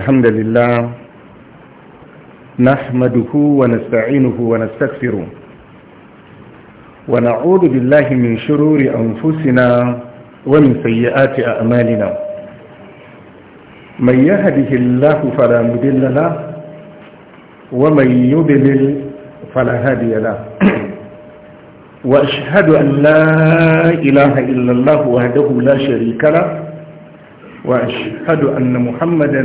الحمد لله نحمده ونستعينه ونستغفره ونعوذ بالله من شرور أنفسنا ومن سيئات أعمالنا من يهده الله فلا مدل له ومن يضلل فلا هادي له وأشهد أن لا إله إلا الله وحده لا شريك له وأشهد أن محمدا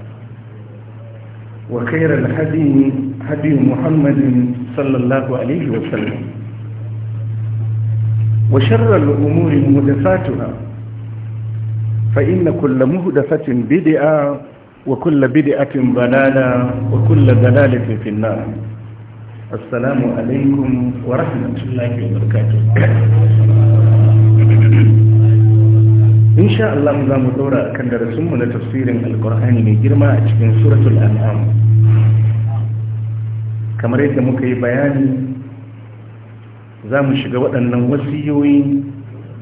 وخير الهدي هدي محمد صلى الله عليه وسلم وشر الأمور مهدفاتها فإن كل مهدفة بدعة وكل بدعة ضلالة وكل ضلالة في النار السلام عليكم ورحمة الله وبركاته insha Allah za mu daura kan mu na tafsirin alkur'ani mai girma a cikin suratul an'am kamar yadda muka yi bayani za mu shiga waɗannan wasiyoyi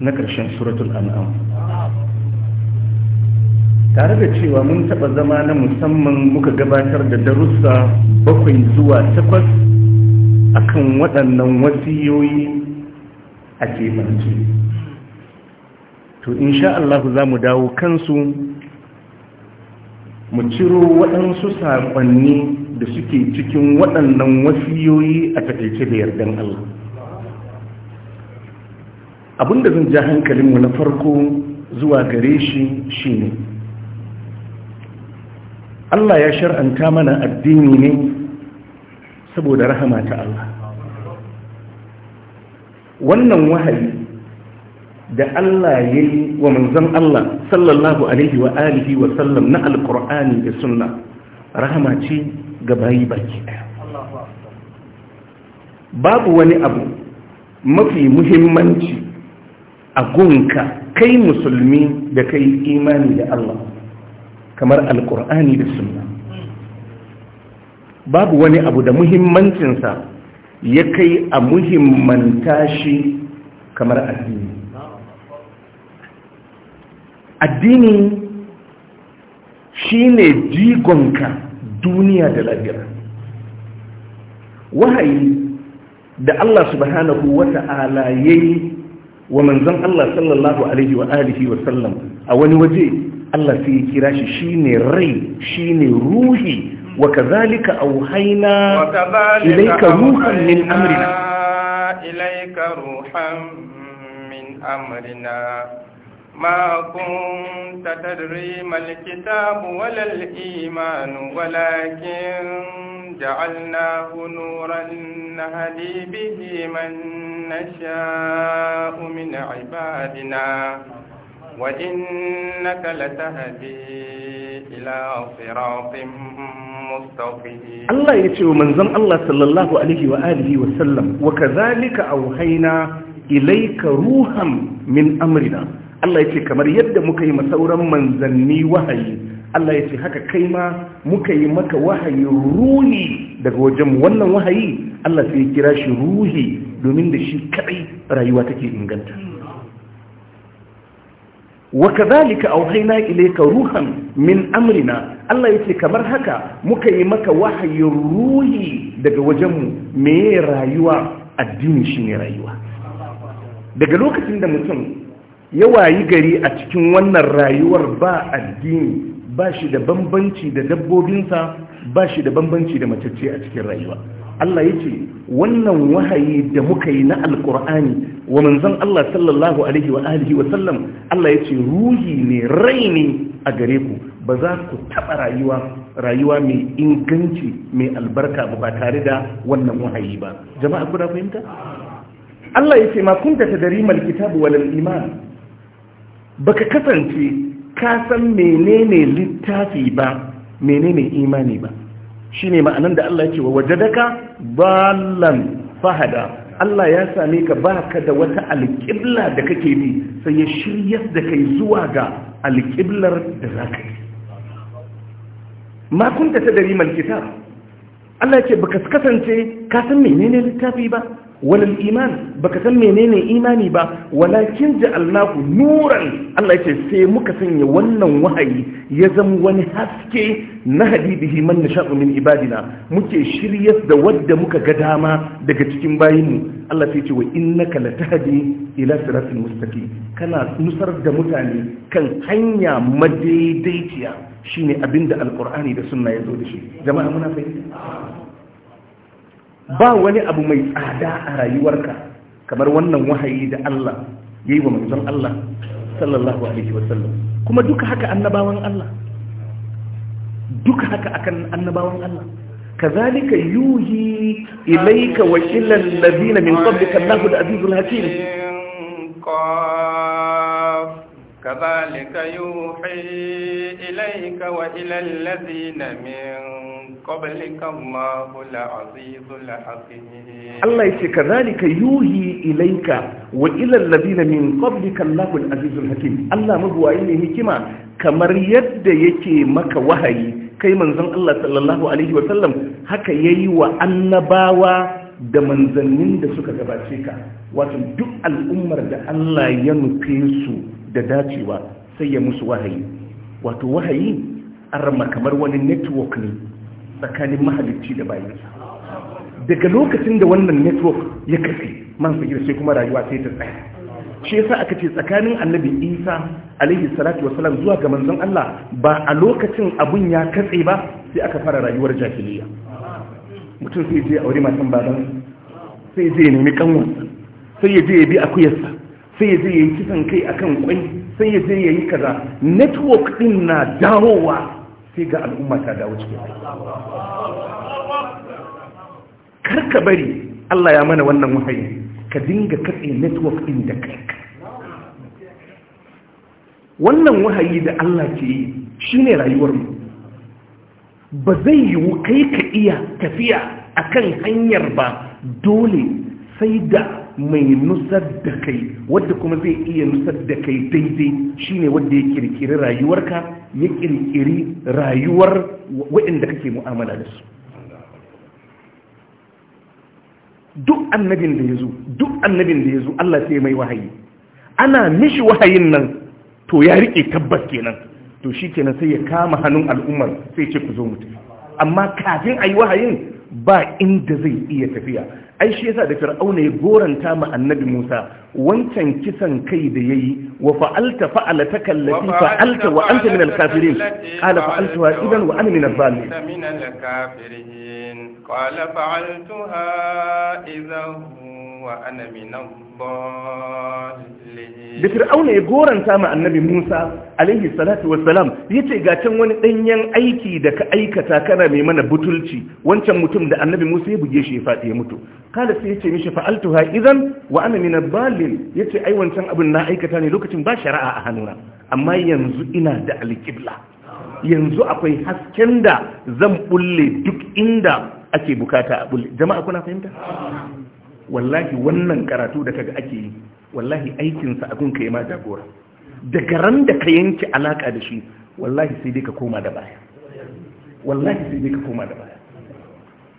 na ƙarshen suratul an'am tare da cewa mun taɓa zama na musamman muka gabatar da darussa bakwai zuwa takwas akan waɗannan wasiyoyi a keɓance to in sha Allah za mu dawo kansu mu ciro waɗansu saƙonni da suke cikin waɗannan wasiyoyi a taƙaice da yardan Allah abinda zan ja hankalinmu na farko zuwa gare shi shine Allah ya shar'anta mana addini ne saboda rahama ta Allah wannan wahayi da Allah ya yi wa manzon Allah sallallahu alaihi wa alihi wa sallam na alkur'ani da sunna rahama ce ga bayi baki babu wani abu mafi muhimmanci a gunka kai musulmi da kai imani da Allah kamar alqur'ani da sunna babu wani abu da muhimmancinsa ya kai a muhimmanta shi kamar addini addini shi ne jigonka duniya da lahira wahayi da Allah subhanahu ya yi wa manzon Allah sallallahu alaihi wa alihi wa sallam a wani waje Allah sai ya kira shi shine rai shine ruhi wa kadhalika auhayna ilayka ruhan min amrina ilayka ruhan min amrina ما كنت تدري ما الكتاب ولا الإيمان ولكن جعلناه نورا نهدي به من نشاء من عبادنا وإنك لتهدي إلى صراط مستقيم الله يتشو من زم الله صلى الله عليه وآله وسلم وكذلك أوحينا إليك روحا من أمرنا Allah ya ce kamar yadda muka yi masauran manzanni wahayi Allah ya ce haka kai ma muka yi maka wahayi ruhi daga wajen wannan wahayi Allah sai ya kira shi ruhi domin da shi kaɗai rayuwa take inganta wa kadhalika auhayna ilayka ruhan min amrina Allah ya ce kamar haka muka yi maka wahayi ruhi daga wajenmu me rayuwa addini shine rayuwa daga lokacin da mutum ya wayi gari a cikin wannan rayuwar ba addini ba shi da bambanci da dabbobinsa ba shi da bambanci da macece a cikin rayuwa Allah ya ce wannan wahayi da muka yi na alkur'ani wa manzan Allah sallallahu alaihi wa alihi wa sallam Allah ya ce ruhi ne rai ne a gare ku ba za ku taɓa rayuwa rayuwa mai inganci mai albarka ba tare da wannan wahayi ba jama'a kuna fahimta Allah ya ce ma kun kunta mal kitabu walal iman baka kasance ka san menene littafi ba menene imani ba shine ma'anan da Allah ya ce wa wajadaka ballan fahada Allah ya same ka baka da wata alƙibla da kake bi sai ya shirya da kai zuwa ga alƙiblar da za ka yi ma kunta ta dari malkitab Allah ya ce baka kasance ka san menene littafi ba walal iman baka san menene imani ba walakin ja'alnahu nuran Allah yace sai muka sanya wannan wahayi ya zama wani haske na hadidihi man nashaqu min ibadina muke shiryar da wadda muka ga dama daga cikin bayinmu Allah sai yace wa innaka latahdi ila siratil mustaqim kana nusar da mutane kan hanya madaidaiciya shine abinda alqur'ani da sunna zo da shi jama'a muna fahimta ba wani abu mai tsada a rayuwarka kamar wannan wahayi da Allah ya yi wa manzon Allah sallallahu alaihi wasallam kuma duka haka annabawan Allah duka haka akan annabawan Allah كذلك يوحي إليك وإلى الذين من قبلك الله العزيز الحكيم كذلك يوحي إليك وإلى الذين من قبلك الله العزيز الحكيم الله كذلك يوحي إليك وإلى الذين من قبلك الله العزيز الحكيم الله مبوعيني هكما kamar yadda yake maka wahayi kai manzon Allah sallallahu alaihi wa sallam haka yayi wa annabawa da manzannin da suka gabace ka wato duk al'ummar da Allah ya nufe su da dacewa sai ya musu wahayi wato wahayi an rama kamar wani network ne tsakanin mahalicci da bayan daga lokacin da wannan network ya kafe man sagir sai kuma rayuwa sai ta tsaya shi yasa aka ce tsakanin annabi isa alaihi salatu wasalam zuwa ga manzon Allah ba a lokacin abun ya katse ba sai aka fara rayuwar jahiliya mutum sai je aure matan baban sai je nemi kanwansa sai ya je ya bi akuyarsa sai ya je yi kisan kai akan kwai sai ya je yi kaza network din na dawowa sai ga al'umma ta dawo cikin karka bari Allah ya mana wannan wahayi ka dinga katse network din da kanka wannan wahayi da Allah ke yi shine rayuwar mu ba zai yiwu kai ka iya tafiya akan hanyar ba dole sai da mai nusar da kai wadda kuma zai iya nusar da kai daidai shi ne wadda ya kirkiri rayuwarka ya kirkiri rayuwar waɗanda kake mu'amala da su duk annabin da ya zo duk annabin da ya zo Allah sai mai wahayi ana mishi wahayin nan to ya rike tabbas kenan to shi kenan sai ya kama hannun al'ummar sai ce ku zo mutu amma kafin a yi wahayin ba inda zai iya tafiya ai shi yasa da fir'auna ya goranta ma annabi Musa wancan kisan kai da yayi wa fa'alta fa'alata kallati fa'alta wa anta min al-kafirin qala fa'altuha idan wa ana min al-zalimin min al-kafirin qala fa'altuha idan wa ana min al-zalimin da fir'auna ya goranta ma annabi Musa alaihi salatu wassalam yace ga can wani danyen aiki da ka aikata kana mai mana butulci wancan mutum da annabi Musa ya buge shi ya fadi ya mutu kala sai yace mishi ha idan wa ana min ad yace ai wancan abin na aikata ne lokacin ba shari'a a hannuna amma yanzu ina da alqibla yanzu akwai hasken da zan bulle duk inda ake bukata a bulle jama'a kuna fahimta wallahi wannan karatu da kaga ake yi wallahi aikinsa abin kai ma jagora daga ran da ka yanke alaka da shi wallahi sai dai ka koma da baya wallahi sai dai ka koma da baya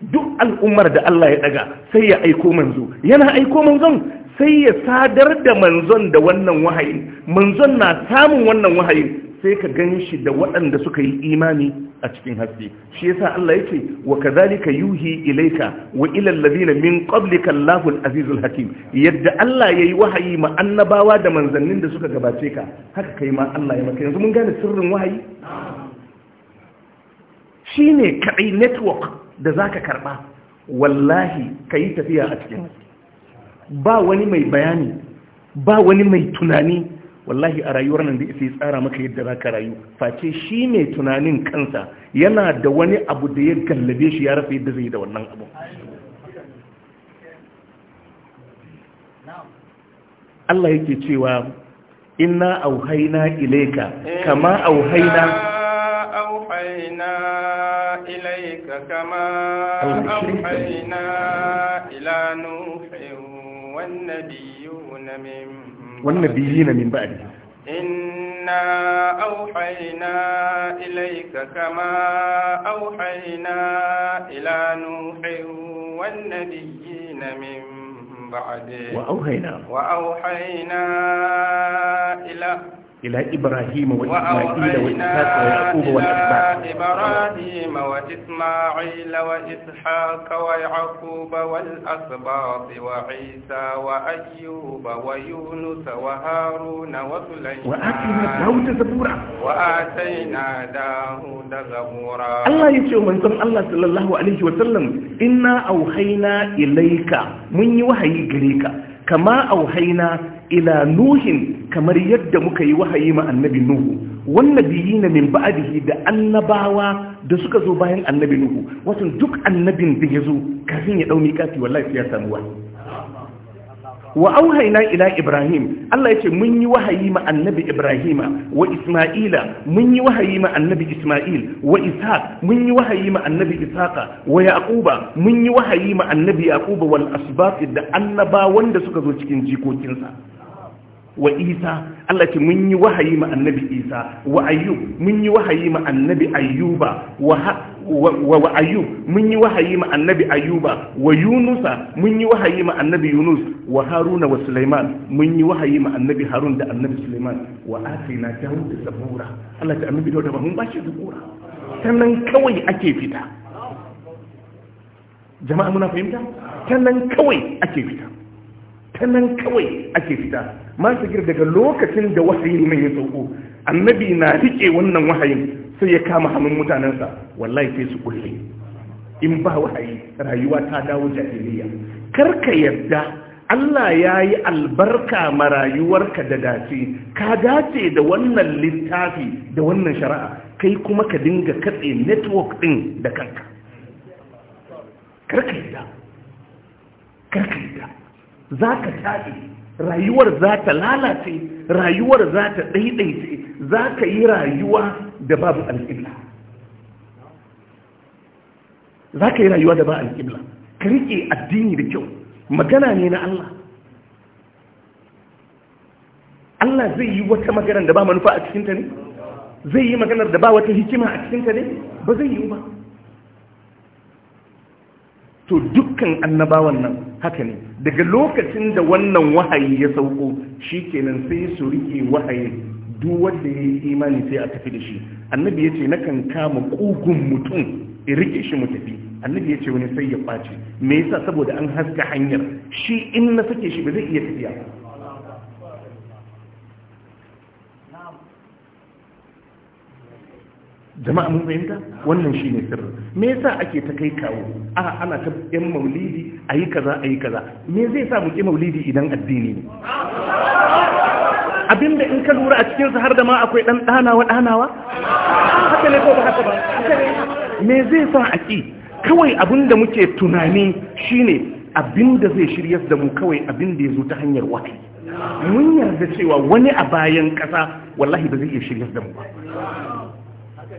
duk al'ummar da Allah ya daga sai ya aiko manzo yana aiko manzon sai ya sadar da manzon da wannan wahayin manzon na samun wannan wahayin sai ka gan shi da waɗanda suka yi imani a cikin haske shi yasa Allah yake wa kadhalika yuhi ilayka wa ila alladhina min qablika Allahu al-azizul hakim yadda Allah yayi wahayi ma annabawa da manzannin da suka gabace ka haka kai ma Allah ya maka yanzu mun gane sirrin wahayi shine kaɗai network da zaka karba wallahi kai tafiya a cikin ba wani mai bayani ba wani mai tunani wallahi a rayuwar nan da isa ya tsara maka yadda za ka rayu face shi mai tunanin kansa yana da wani abu da ya gallabe shi ya rasa yadda zai yi da wannan abu Allah yake cewa inna auhaina ilaika kama auhaina والنبيون من والنبيين من بعده إنا أوحينا إليك كما أوحينا إلى نوح والنبيين من بعده وأوحينا وأوحينا إلى إلى إبراهيم وإسماعيل وإسحاق ويعقوب والأسباط إبراهيم وإسماعيل وإسحاق ويعقوب والأسباط وعيسى وأيوب ويونس وهارون وسليمان وآتينا داود زبورا وآتينا داود زبورا الله يتيو من صلى الله صلى الله عليه وسلم إنا أوحينا إليك من يوحي إليك kama auhaina ila nuhin kamar yadda muka yi wahayi ma annabi nuhu wannabiyina min ba'dihi da annabawa da suka zo bayan annabi nuhu wato duk annabin da ya zo kafin ya dau miƙati wallahi sai ya samu wani wa auhaina ila ibrahim Allah yace mun yi wahayi ma annabi ibrahima wa isma'ila mun yi wahayi ma annabi isma'il wa ishaq mun yi wahayi ma annabi ishaqa wa yaquba mun yi wahayi ma annabi yaquba wal asbaq da annaba wanda suka zo cikin jikokinsa wa isa Allah ce mun yi wahayi ma annabi isa wa ayyub mun yi wahayi ma annabi ayyuba wa ayyub mun yi wahayi ma annabi ayyuba wa yunusa mun yi wahayi ma annabi yunus wa haruna wa sulaiman mun yi wahayi ma annabi harun da annabi sulaiman wa atina dawud zabura Allah ta annabi dawud ba mun ba shi zabura sannan kawai ake fita jama'a muna fahimta sannan kawai ake fita ta nan kawai ake fita masu gir daga lokacin da wahayin mai ya sauko annabi na riƙe wannan wahayin sai ya kama hannun mutanensa wallahi sai su kulle in ba wahayi rayuwa ta dawo jahiliya ka yadda Allah ya yi albarka ma rayuwarka da dace ka dace da wannan littafi da wannan shari'a kai kuma ka dinga katse network ɗin da kanka karka yadda karka yadda za ka taɗe rayuwar za ta lalace rayuwar za ta ɗaiɗaice za ka yi rayuwa da babu alƙibla za ka yi rayuwa da ba alƙibla ka riƙe addini da kyau magana ne na Allah Allah zai yi wata maganar da ba manufa a cikinta ne zai yi maganar da ba wata hikima a cikinta ne ba zai yi ba to dukkan annabawan nan haka ne daga lokacin da wannan wahayi ya sauko kenan sai su rike wahayi duk wanda ya yi imani sai a tafi da shi annabi ya ce kan kama kugun mutum in rike shi mu tafi annabi ya ce wani sai ya ɓaci me yasa saboda an haska hanyar shi in na sake shi ba zai iya tafiya jama'a mun fahimta wannan shi ne sirri me yasa ake ta kai kawo a ana ta yan maulidi a yi kaza a yi kaza me zai sa muke maulidi idan addini ne abinda in ka lura a cikinsa har da ma akwai ɗan ɗanawa ɗanawa haka ne ko ba haka ba me zai sa a ki kawai abinda muke tunani shine abinda zai shiryar da mu kawai abinda ya zo ta hanyar wata mun yarda cewa wani a bayan ƙasa wallahi ba zai iya shiryar da mu ba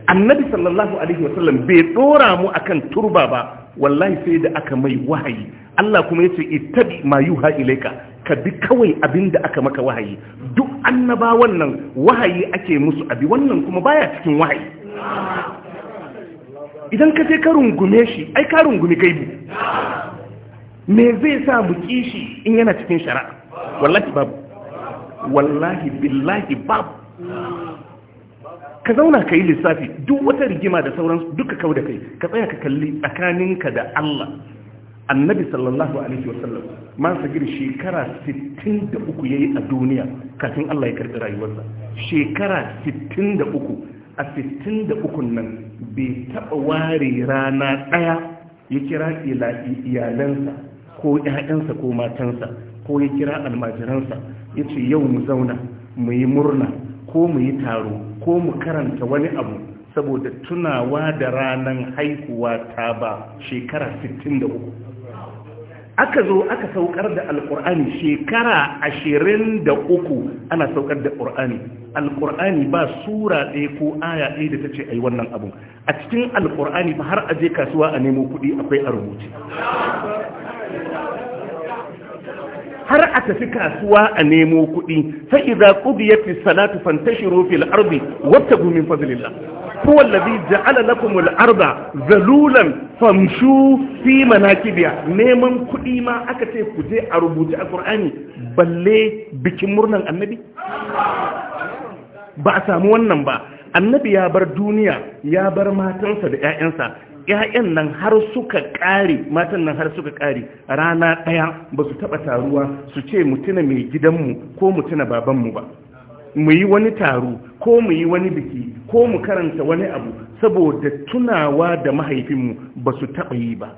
annabi sallallahu alaihi wasallam bai dora mu akan turba ba wallahi sai da aka mai wahayi Allah kuma yace ittabi ma yuha ilaika ka bi kawai abinda aka maka wahayi duk annabawan nan wahayi ake musu abi wannan kuma baya cikin wahayi idan ka je ka rungume shi ai ka rungumi bi. me zai sa mu kishi in yana cikin shari'a wallahi babu wallahi billahi babu ka zauna ka yi lissafi duk wata rigima da sauransu duka kawo da kai ka tsaya ka kalli tsakaninka da Allah annabi sallallahu alaihi wasallam man sagir shekara 63 yayi a duniya kafin Allah ya karbi rayuwarsa shekara 63 a 63 nan bai taba ware rana daya ya kira iyalansa ko ƴaƴansa ko matansa ko ya kira almajiransa yace yau mu zauna mu yi murna ko mu yi taro ko mu karanta wani abu saboda tunawa da ranar haihuwa ta ba shekara 63 aka zo aka saukar da alkur'ani shekara 23 ana saukar da alkur'ani alkur'ani ba sura ɗaya ko aya ɗaya da ta ce a yi wannan abu. a cikin alkur'ani ba har aje kasuwa a nemo kuɗi akwai a rubuce har a tafi kasuwa a nemo kuɗi sai idza qudiyatis salatu fantashiru fil ardi wattabu min fadlillah huwa alladhi ja'ala lakum al arda zalulan famshu fi manakibiha neman kuɗi ma aka ce ku je a rubuta a balle bikin murnan annabi ba a samu wannan ba annabi ya bar duniya ya bar matansa da 'ya'yansa ‘ya'yan nan har suka ƙare matan nan har suka ƙare rana ɗaya ba su taɓa taruwa su ce mutuna mai gidanmu ko mutuna babanmu ba mu yi wani taro ko mu yi wani biki ko mu karanta wani abu saboda tunawa da mahaifinmu ba su taɓa yi ba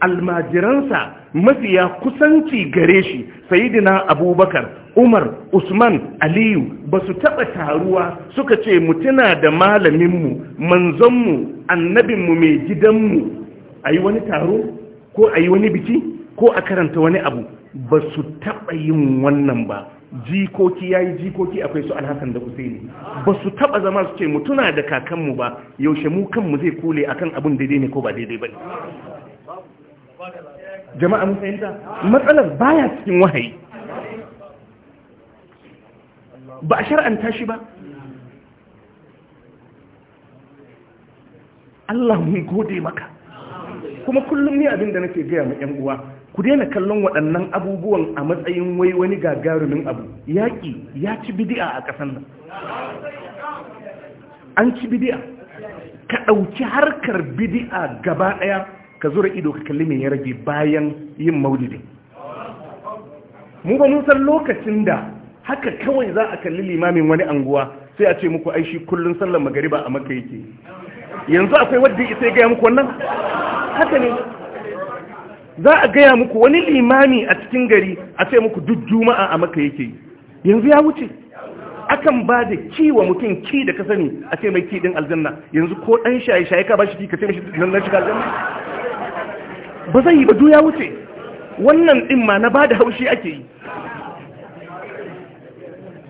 almajiransa mafiya kusanci gare shi sayidina abubakar umar usman aliyu ba su taɓa taruwa suka ce mutuna da malaminmu manzonmu annabinmu mai gidanmu a yi wani taro ko a yi wani biki ko a karanta wani abu ba su taɓa yin wannan ba jikoki ya yi jikoki akwai su alhassan da husaini ba su taɓa zama su ce mutuna da kakanmu ba yaushe mu kanmu zai kule akan abin daidai ne ko ba daidai ba ne jama'a mun fahimta matsalar baya cikin wahayi ba a shar'anta shi ba Allah mun gode maka kuma kullum ne abin da nake gaya ma 'yan uwa ku daina kallon waɗannan abubuwan a matsayin wai wani gagarumin abu yaƙi ya ci bidi'a a ƙasar nan an ci bidi'a ka ɗauki harkar bidi'a gaba ɗaya ka zura ido ka kalli mai ya rage bayan yin maulidin mu ba mun san lokacin da haka kawai za a kalli limamin wani anguwa sai a ce muku ai shi kullun sallar magariba a maka yake yanzu akwai wadda sai gaya muku wannan haka ne za a gaya muku wani limami a cikin gari a ce muku duk juma'a a maka yake yanzu ya wuce akan ba da ki wa mutum ki da ka sani a ce mai ki din aljanna yanzu ko dan shaye shaye ka bashi ki ka ce mishi dan na shiga aljanna ba zai yi ba duk ya wuce wannan din ma na bada haushi ake yi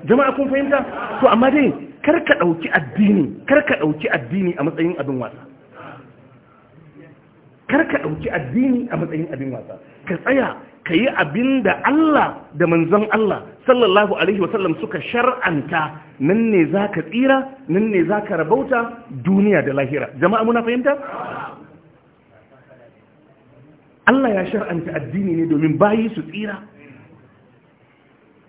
jama'a kun fahimta to amma dai kar ka ɗauki addini kar ka dauki addini a matsayin abin wasa kar ka dauki addini a matsayin abin wasa ka tsaya ka yi abin Allah da manzon Allah sallallahu alaihi wa sallam suka shar'anta nan ne za ka tsira nan ne za ka rabauta duniya da lahira jama'a muna fahimta Allah ya shar'anta addini ne domin bayi su tsira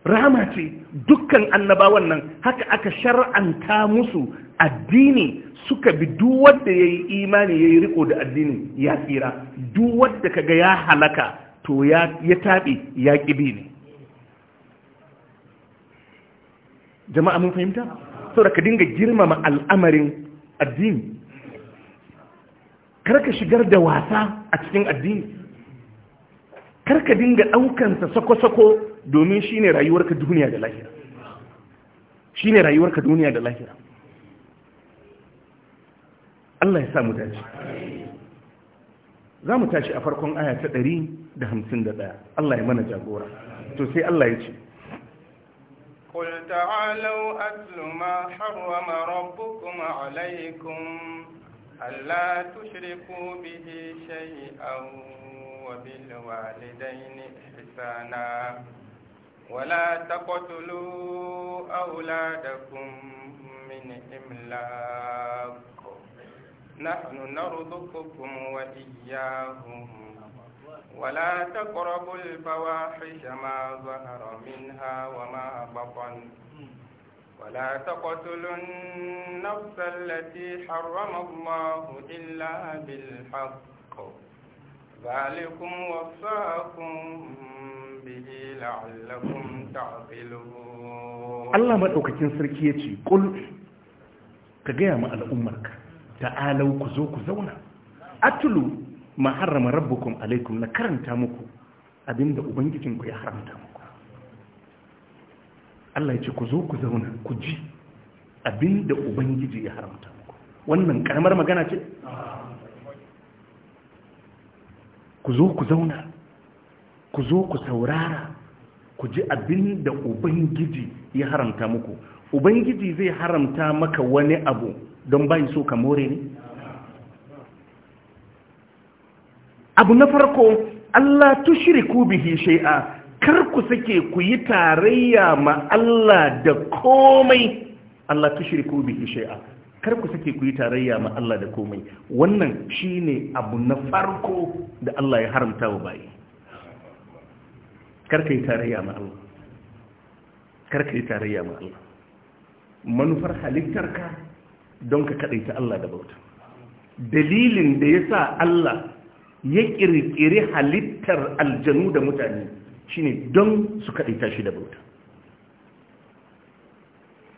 rahama ce dukkan annabawan nan haka aka shar'anta musu addini suka bi duk wanda yayi imani yayi riko da addini ya tsira duk wanda kaga ya halaka to ya ya tabi ya kibi ne jama'a mun fahimta saboda ka dinga girmama al'amarin addini karka shigar da wasa a cikin addini karka dinga ɗaukansa sako-sako domin shi ne rayuwarka duniya da lahira shi ne rayuwarka duniya da lahira Allah ya samu dace za mu tashi a farkon aya ta ɗari da hamsin da ɗaya. Allah ya mana jagora to sai Allah ya ce قل تعالوا أتل ما حرم ربكم عليكم ألا تشركوا به شيئا وبالوالدين إحسانا ولا تقتلوا أولادكم من إملاق نحن نرزقكم وإياهم ولا تقربوا الفواحش ما ظهر منها وما بطن ولا تقتلوا النفس التي حرم الله إلا بالحق ذلكم وصاكم به لعلكم تعقلون الله مدوكاكين سركي يتي قل كغيا ما الامرك تعالوا ku zo ku zauna atlu ma harrama rabbukum alaikum na karanta muku abinda ubangijinku ya haramta muku Allah ya ce ku zo ku zauna ku ji abinda ubangiji ya haramta muku wannan karamar magana ce ku zo ku zauna ku zo ku saurara ku ji abin da ubangiji ya haramta muku ubangiji zai haramta maka wani abu don bayi so ka more ne abu na farko Allah tushriku bihi shai'a, kar ku sake ku yi tarayya ma Allah da komai Allah tushriku bihi shai'a. kar ku sake ku yi tarayya ma Allah da komai wannan shine abu na farko da Allah ya haramta wa bayi kar ka yi tarayya ma Allah kar ka yi tarayya ma Allah manufar halittarka don ka kadaita Allah da bauta dalilin da yasa Allah ya kirkiri halittar aljanu da mutane shine don su kadaita shi da bauta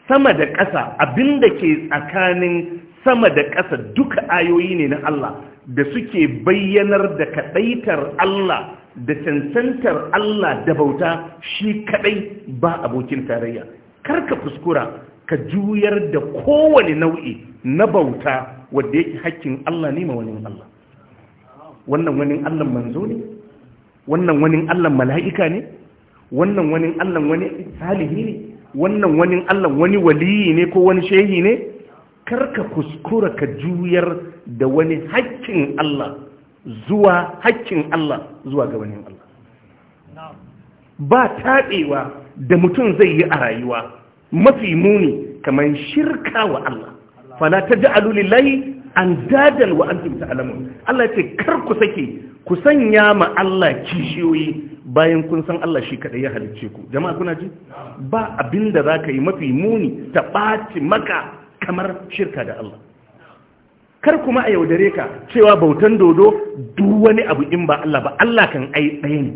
sama da ƙasa abin da ke tsakanin sama da ƙasa duka ayoyi ne na Allah da suke bayyanar da kaɗaitar Allah da cancantar Allah da bauta shi kaɗai ba abokin tarayya Kar ka fuskura ka juyar da kowane nau'i na bauta wadda yake hakkin Allah ne ma wani Allah wannan wani Allah manzo ne wannan wani Allah mala'ika ne wannan wani Allah wani salihi ne wannan wani Allah wani waliyi ne ko wani shehi ne karka kuskura ka juyar da wani haƙƙin Allah zuwa haƙƙin Allah zuwa ga wani Allah ba taɗewa da mutum zai yi a rayuwa mafi muni kamar shirka wa Allah fala taj'alu lillahi an dadan wa ta alamun Allah ce kar ku sake ku sanya ma Allah kishiyoyi bayan kun san Allah shi kaɗai ya halicce ku jama'a kuna ji ba abin da za ka yi mafi muni ta ɓaci maka kamar shirka da Allah kar kuma a yaudare ka cewa bautan dodo duk wani abu in ba Allah ba Allah kan ai ɗaya ne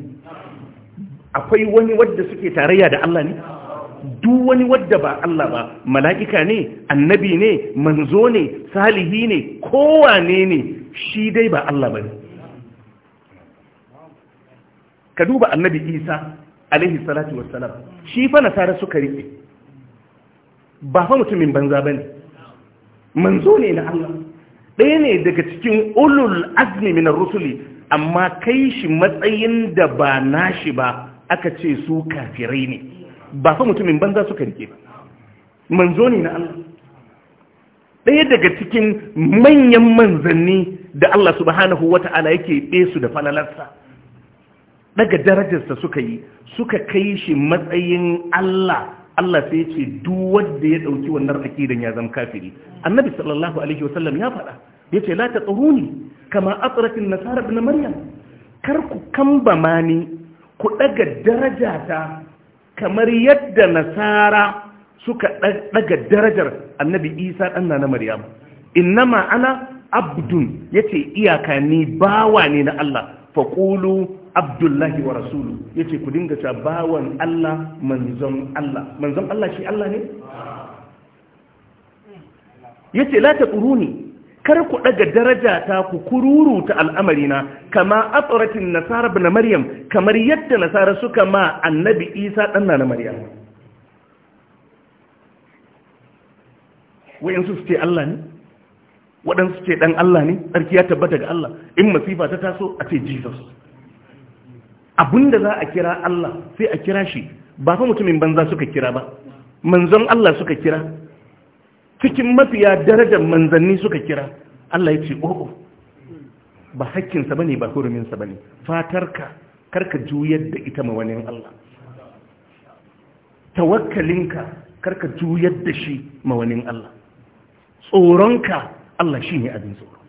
akwai wani wadda suke tarayya da Allah ne duk wani wadda ba Allah ba mala'ika ne annabi ne manzo ne salihi ne kowane ne shi dai ba Allah ba ne ka duba annabi isa alaihi salatu wassalam shi fa nasara suka rike ba fa mutumin banza bane manzo ne na Allah ɗaya ne daga cikin ulul azmi minar rusuli amma kai shi matsayin da ba nashi ba aka ce su kafirai ne ba fa mutumin banza suka rike ba manzo ne na Allah ɗaya daga cikin manyan manzanni da Allah subhanahu wata'ala yake ɗe su da falalarsa daga darajarsa suka yi suka kai shi matsayin Allah Allah sai ce duk wanda ya dauki wannan akidan ya zama kafiri annabi sallallahu alaihi wasallam ya faɗa yace la taquruni kama atratin nasara ibn maryam kar ku kambama ni ku daga darajata kamar yadda nasara suka daga darajar annabi Isa danna na maryam innama ana abdun yace iyaka ni bawa ne na Allah faqulu abdullahi wa rasulu ce ku dinga ta bawan Allah manzon Allah manzon Allah shi Allah ne yace la taquruni kar ku daga daraja ta ku kururu ta al'amari na kama atratin nasara ibn maryam kamar yadda nasara suka ma annabi isa dan na maryam wayansu su ce Allah ne waɗansu ce ɗan Allah ne tsarki ya tabbata ga Allah in masifa ta taso a ce Jesus abinda za a kira Allah sai a kira shi ba fa mutumin banza suka kira ba manzon Allah suka kira cikin mafiya darajar manzanni suka kira Allah ya ce o'o oh, oh. ba hakkinsa bane ba huruminsa bane fatarka karka juyar da ita ma wani Allah tawakkalinka karka juyar da shi ma wani Allah tsoronka Allah shine abin tsoro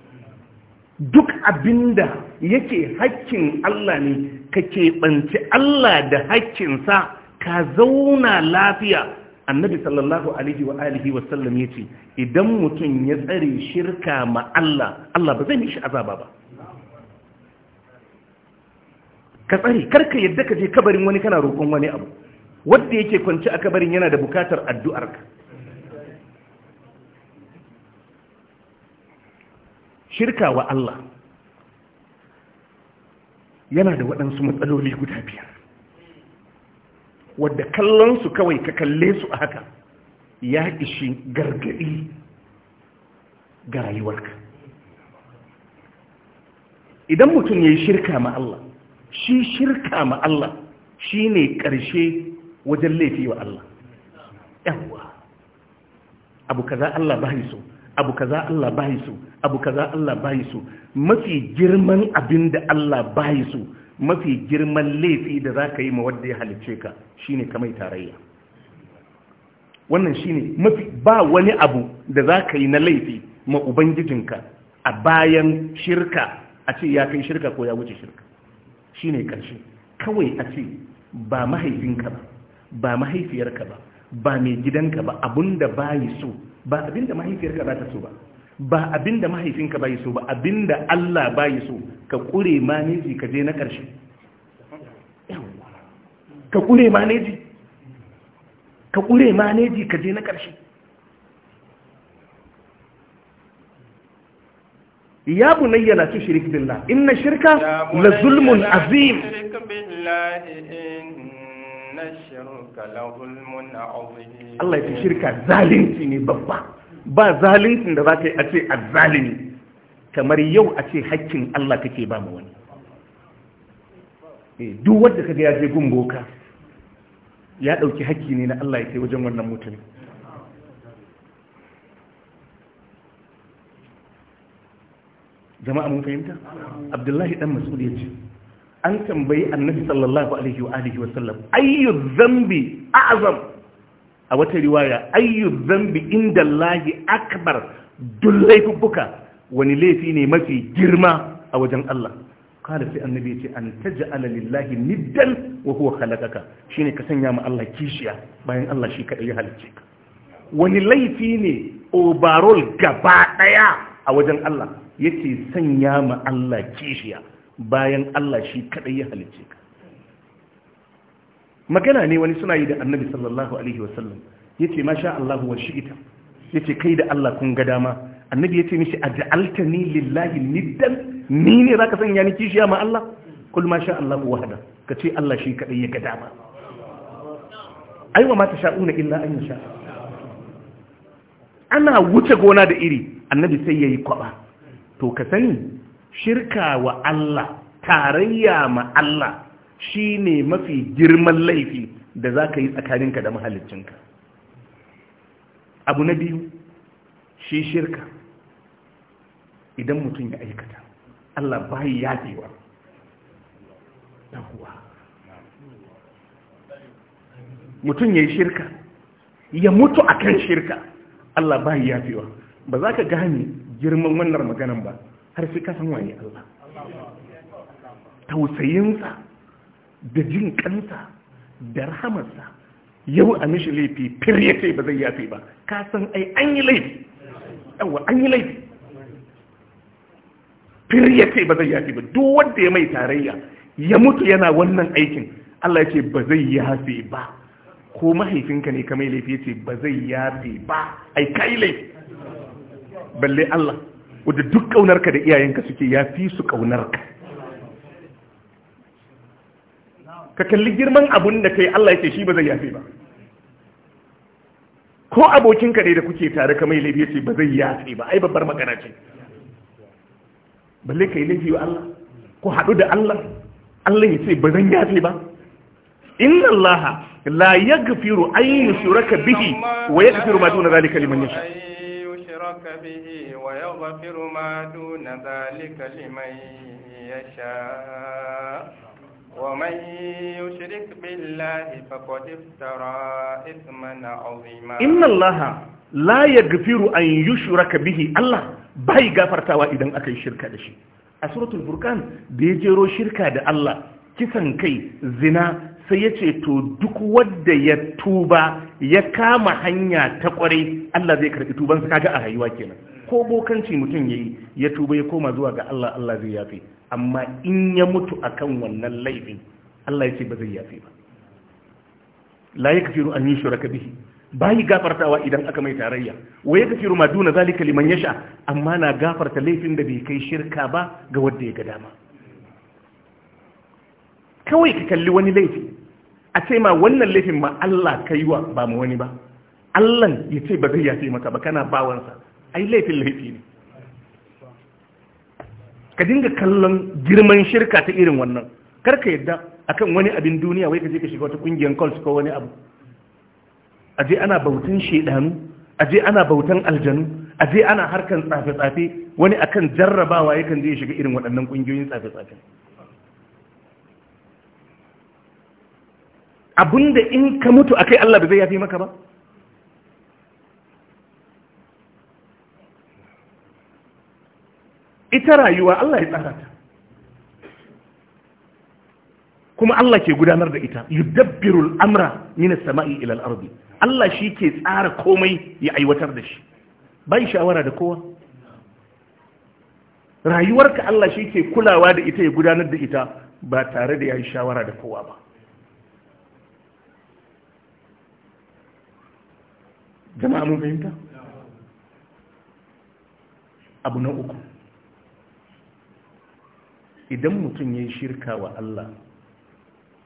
duk abinda yake hakkin Allah ne ka keɓanci Allah da haƙƙinsa ka zauna lafiya annabi sallallahu alaihi wa alihi wa sallam ya ce. idan mutum ya tsare shirka ma Allah Allah ba zai mishi azaba ba ka tsare karka yadda ka je kabarin wani kana roƙon wani abu wanda yake kwance a kabarin yana da bukatar addu'arka shirka wa Allah yana da waɗansu matsaloli guda biyar wadda kallonsu kawai ka kalle su a haka ya ishi gargaɗi ga rayuwarka idan mutum ya yi shirka ma Allah shi shirka ma Allah shi ne ƙarshe wajen laifi wa Allah yawwa abu kaza Allah ba so abu kaza Allah bayi su, abu kaza Allah bayi su, mafi girman abin da Allah bayi su, mafi girman laifi da za ka yi ma wadda ya halicce ka shine ka mai tarayya wannan shine mafi ba wani abu da za ka yi na laifi ma ubangijinka a bayan shirka a ce ya kai shirka ko ya wuce shirka shine karshe kawai a ce ba mahaifinka ba ba mahaifiyarka ba ba mai gidanka ba da bayi so ba abinda mahaifiyarka za ta so ba ba abinda mahaifinka ba yi so ba abinda Allah ba yi so ka kure maneji ka je na ƙarshe ka kure maneji ka kure maneji ka je na ƙarshe ya bunayya la tushrik billah inna shirka la zulmun azim Allah ya fi shirka zalunci ne babba ba zaluncin da za ka yi a ce a zalini kamar yau a ce hakkin Allah kake ba mu wani eh, duk wanda ga ya je boka ya ɗauki hakki ne na Allah ya ke wajen wannan mutum jama'a mun fahimta abdullahi dan masu ya ce an tambayi annabi sallallahu alaihi wa alihi wa sallam ayyu dhanbi a'zam a wata riwaya ayyu dhanbi inda lahi akbar dullai buka wani laifi ne mafi girma a wajen Allah kada sai annabi ya ce an taj'ala lillahi niddan wa huwa khalaqaka shine ka sanya ma Allah kishiya bayan Allah shi kadai ya halicce ka wani laifi ne overall gaba daya a wajen Allah yake sanya ma Allah kishiya bayan Allah shi kadai ya halicce ka magana ne wani suna yi da annabi sallallahu alaihi wasallam yace masha Allah wa shi'ita yace kai da Allah kun ga dama annabi yace mishi aj'altani lillahi niddan ni ne zaka sanya ni kishiya ma Allah kul masha Allah wahda kace Allah shi kadai ya ga dama aiwa ma sha'una illa an yasha ana wuce gona da iri annabi sai yayi kwaba to ka sani shirka wa Allah tarayya ma Allah shi ne mafi girman laifi da za ka yi tsakaninka da mahalicinka abu na biyu shi shirka idan mutum ya aikata Allah bayi yadewa ɗahuwa mutum ya yi shirka ya mutu akan shirka Allah bayi yafewa ba za ka gane girman wannan maganan ba har sai ka san waye Allah tausayinsa da jin kansa da rahamarsa yau a mishi laifi firye ce ba zai yafe ba ka san ai an yi laifi yawa an yi laifi firye ce ba zai yafe ba duk wanda ya mai tarayya ya mutu yana wannan aikin Allah ya ce ba zai yafe ba ko mahaifinka ne ka mai laifi ya ce ba zai yafe ba ai kai laifi balle Allah wadda duk kaunarka da iyayenka suke ya fi su kaunarka ka kalli girman abun da kai Allah yake shi ba zai yafe ba ko abokinka ne da kuke tare kamar laifi ya ce ba zai yafe ba ai babbar magana ce balle kai laifi wa Allah ko haɗu da Allah Allah ya ce ba zan yafe ba inna Allah la yaghfiru an yushraka bihi wa yaghfiru ma duna zalika liman yasha يشرك به ويغفر ما دون ذلك لمن يشاء ومن يشرك بالله فقد افترى إثما عظيما إن الله لا يغفر أن يشرك به الله باي غفرتوا إذا أكي شركة دشي a suratul burkan da ya jero shirka da Allah kisan kai zina sai ya ce to duk wadda ya tuba ya kama hanya ta kwarai Allah zai karɓi tubansa kaga a rayuwa kenan ko bokanci mutum yayi ya tuba ya koma zuwa ga Allah Allah zai yafe amma in ya mutu akan wannan laifin Allah ya ce ba zai yafe ba la yakfiru an yushraka bihi bayi gafartawa idan aka mai tarayya wa yakfiru ma duna zalika liman yasha amma na gafarta laifin da bai kai shirka ba ga wanda ya ga dama kawai ka kalli wani laifi a ce ma wannan laifin ma Allah ka yi wa ba mu wani ba Allah ya ce ba zai yafe maka ba kana bawansa ai laifin laifi ne ka dinga kallon girman shirka ta irin wannan kar ka yadda akan wani abin duniya wai ka je ka shiga wata kungiyar cult ko wani abu a je ana bautan shedanu je ana bautan aljanu a je ana harkar tsafe-tsafe wani akan jarrabawa yakan je shiga irin waɗannan kungiyoyin tsafe-tsafe abinda in ka mutu akai Allah ba zai yafi maka ba ita rayuwa Allah ya tsara ta kuma Allah ke gudanar da ita yudabbirul amra min as-sama'i ila al-ardi Allah shi ke tsara komai ya aiwatar da shi bai shawara da kowa rayuwarka Allah shi ke kulawa da ita ya gudanar da ita ba tare da ya yi shawara da kowa ba jama'a mun fahimta abu na uku idan mutum ya yi shirka wa Allah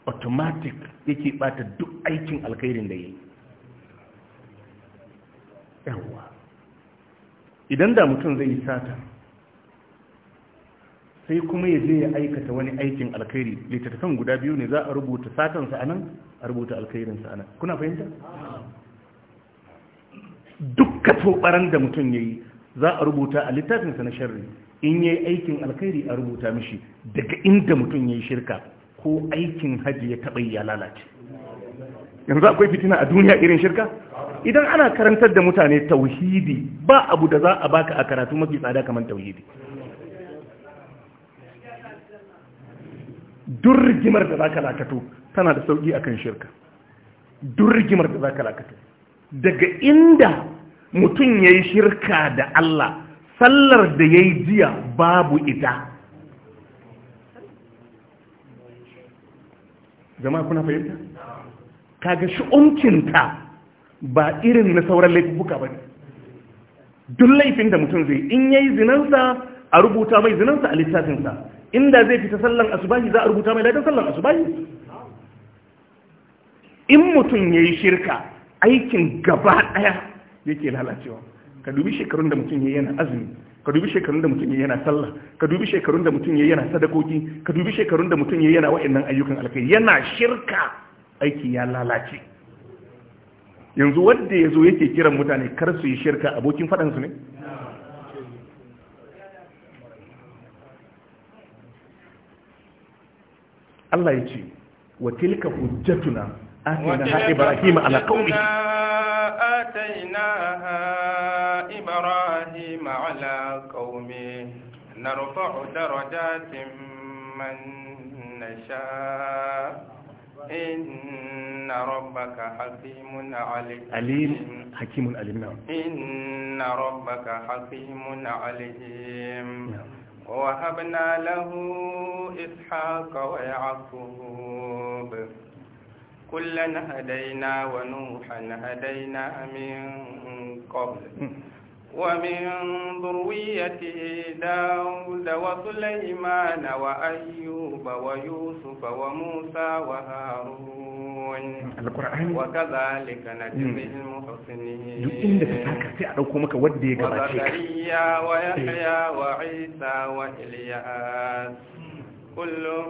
automatic yake bata duk aikin alkhairin da ya yi idan da mutum zai yi sata sai kuma ya je ya aikata wani aikin alkhairi littattafan guda biyu ne za a rubuta satansa nan a rubuta alkhairinsa nan kuna fahimta dukka tobaran da mutum ya yi za a rubuta a littafinsa na sharri in yayi aikin alkhairi a rubuta mishi daga inda mutum ya yi shirka ko aikin haji ya taɓa ya lalace yanzu akwai fitina a duniya irin shirka idan ana karantar da mutane tauhidi ba abu da za a baka a karatu mafi tsada kamar tauhidi Durgimar da za ka lakato tana da sauƙi akan shirka durgimar da za ka lakato daga inda mutum ya yi shirka da Allah sallar da ya yi jiya babu ita Zama kuna fahimta kaga shi'uncinta ba irin na sauran laifuka ba ne duk laifin da mutum zai in ya yi zinansa a rubuta mai zinansa a littafinsa inda zai fita sallan asubahi za a rubuta mai ladan sallan asubahi in mutum ya yi shirka aikin gaba ɗaya yake lalacewa ka dubi shekarun da mutum ya yana azumi ka dubi shekarun da mutum ya yana sallah ka dubi shekarun da mutum ya yana sadakoki ka dubi shekarun da mutum ya yana wa'annan ayyukan alkai yana shirka aiki ya lalace yanzu wanda ya zo yake kiran mutane kar su yi shirka abokin faɗansu ne Allah ya ce wa tilka hujjatuna آتيناها إبراهيم على قومه آتيناها إبراهيم على قومه نرفع درجات من نشاء إن ربك حكيم عليم عليم حكيم عليم نعم إن ربك حكيم عليم نعم وَهَبْنَا له إسحاق ويعقوب كلا هدينا ونوحا هدينا من قبل ومن ذريته داود وسليمان وأيوب ويوسف وموسى وهارون وكذلك نجزي المحسنين إيه وزكريا ويحيى إيه. وعيسى وإلياس كل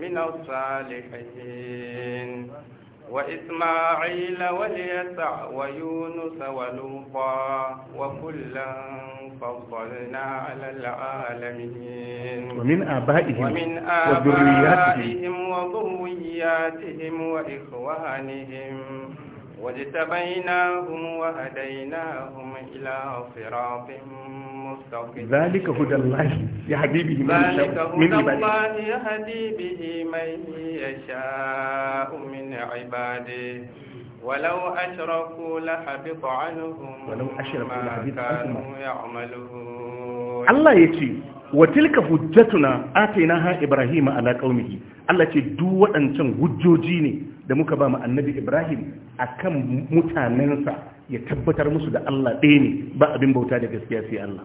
من الصالحين وإسماعيل واليسع ويونس ولوطا وكلا فضلنا على العالمين ومن آبائهم ومن آبائهم وذرياتهم وإخوانهم واجتبيناهم وهديناهم إلى صراط مستقيم ذلك هدى الله يهدي به من يشاء من عباده ذلك هدى الله يهدي به من يشاء من عباده ولو أشركوا لحبط عنهم ولو أشركوا ما كانوا يعملون الله يتي وتلك حجتنا آتيناها إبراهيم على قومه الله يتي دو وأنتم حجوجي da muka ba mu annabi ibrahim a kan mutanensa ya tabbatar musu da allah ɗaya ne ba abin bauta da gaskiya sai allah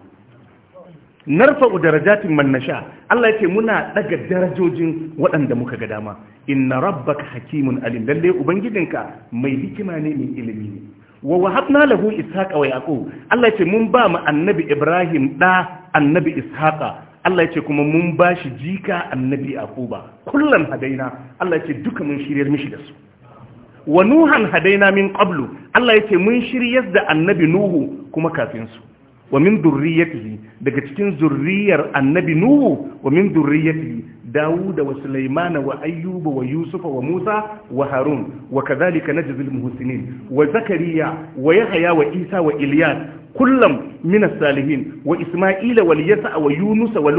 narfa darajatin man nasha allah ya ce muna ɗaga darajojin waɗanda muka ga dama inna rabbaka hakimun alim lalle ubangijinka mai hikima ne mai ilimi ne wa wahabna lahu ishaqa wa yaqub allah ya ce mun ba mu annabi ibrahim da annabi ishaqa Allah ya ce kuma mun ba shi jika annabi a kuba. kullum hadaina Allah ya ce duka mun shiryar mishi da su wa nuhan hadaina min qablu Allah ya ce mun shiryar da annabi Nuhu kuma kafin su wa min durriyatihi daga cikin zurriyar annabi Nuhu wa min durriyatihi Dawud wa sulaimana wa Ayyuba, wa Yusufa, wa Musa wa Harun wa kazalika najzil muhsinin wa Zakariya wa Yahya wa Isa wa Ilyas kullum min salihin wa isma'ila wal yasa wa Yunusa wa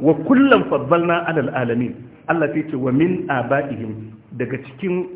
wa kullum faddalna al'al'alami. alamin Allah sai ce wa min abaihim daga cikin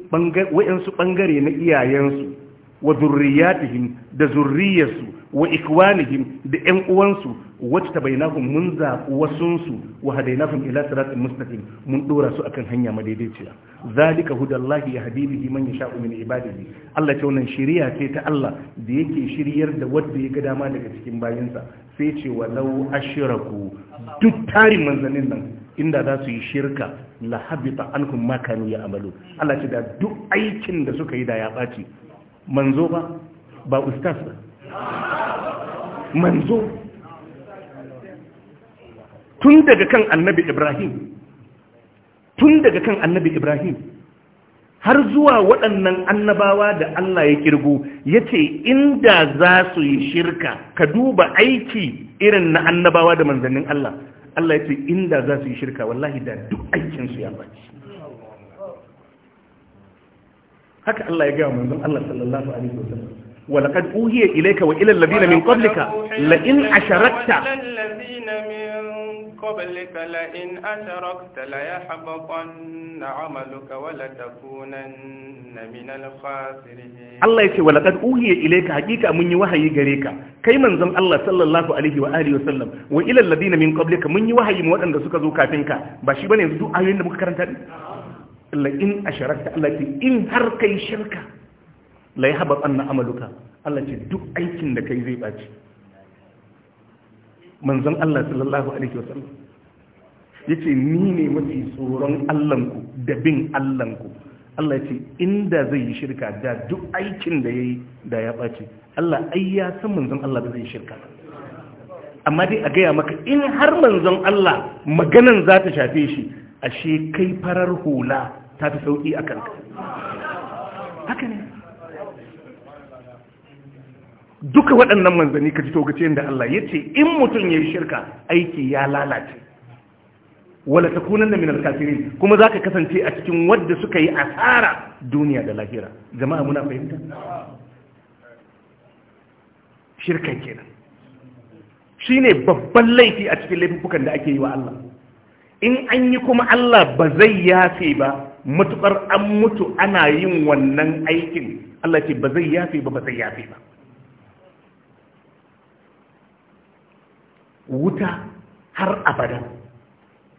wayansu ɓangare na iyayensu wa zurriyatihim da zurriyarsu wa ikwanihim da ƴan uwansu wacce ta ku mun zaɓi wasunsu wa hadaina hadainahum ila siratin mustaqim mun dora su akan hanya madaidaiciya zalika hudallahi yahdi bihi man yasha'u min ibadihi Allah ce wannan shari'a ce ta Allah da yake shiryar da wanda ya ga dama daga cikin bayinsa sai ce walau ashraku duk tarin manzannin nan inda za su yi shirka la habita anhum ma kanu ya'malu Allah ce da duk aikin da suka yi da ya ɓaci manzo ba ba ustaz ba manzo tun daga kan annabi ibrahim tun daga kan annabi ibrahim har zuwa waɗannan annabawa da Allah ya kirgo yace inda za su yi shirka ka duba aiki irin na annabawa da manzannin Allah Allah yace inda za su yi shirka wallahi da duk aikinsu ya baci haka Allah ya gaya manzon Allah sallallahu alaihi wasallam wa laqad uhiya ilayka wa ila alladhina min qablika la in asharakta قبلك لئن أشركت ليحبطن عملك ولتكونن من الخاسرين الله يقول ولقد أوهي إليك حقيقة من يوحي غريك كي منزم الله صلى الله عليه وآله وسلم وإلى الذين من قبلك من يوحي موأن رسوك ذو كافنك باشي بني ذو آيين لمكرن تاني Allah in asharakta Allah ce in har kai shirka la yahba anna amaluka Allah ce duk aikin da kai zai ɓaci manzan Allah sallallahu alaihi wasallam ya ce ni ne mafi tsoron Allahnku da bin Allahnku Allah ce inda zai yi shirka da duk aikin da ya yi da ya ɓaci Allah ai ya san manzan Allah da zai yi shirka amma dai a gaya maka in har manzan Allah maganan za ta shafe shi ashe kai farar hula ta fi sauƙi a kanka haka ne duka waɗannan manzanni ka ji togace yadda Allah ya ce in mutum ya yi shirka aiki ya lalace wala ta kunan da minar kafirin kuma za ka kasance a cikin wadda suka yi asara duniya da lahira jama'a muna fahimta shirka kenan shi ne babban laifi a cikin laifukan da ake yi wa Allah in an yi kuma Allah ba zai yafe ba matukar an mutu ana yin wannan aikin Allah ce ba zai yafe ba ba zai yafe ba wuta har abada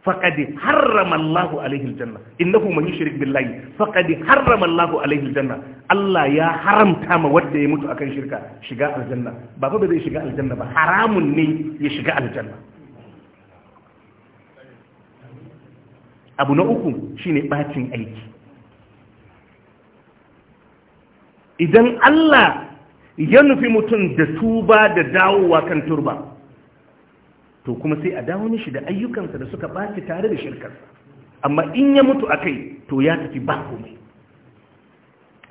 faqad harrama Allahu alaihi aljanna innahu man yushrik billahi faqad harrama Allahu alaihi janna, Allah ya haramta ma wanda ya mutu akan shirka shiga aljanna ba fa ba zai shiga aljanna ba haramun ne ya shiga aljanna abu na uku shine bacin aiki idan Allah ya nufi mutum da tuba da dawowa kan turba to kuma sai a dawo shi da ayyukansa da suka ɓaci tare da shirkarsa amma in ya mutu a kai to ya tafi ba kome.